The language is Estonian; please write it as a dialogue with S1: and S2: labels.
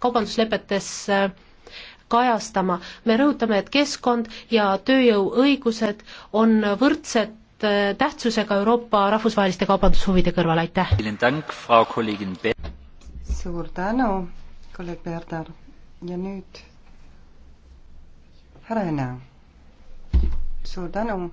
S1: kaubanduslepetesse äh, kajastama. me rõhutame, et keskkond ja tööjõuõigused on võrdsed äh, tähtsusega Euroopa rahvusvaheliste kaubandushuvide kõrval, aitäh! suur tänu,
S2: kolleeg
S3: Berdar ja nüüd härra Ene, suur tänu!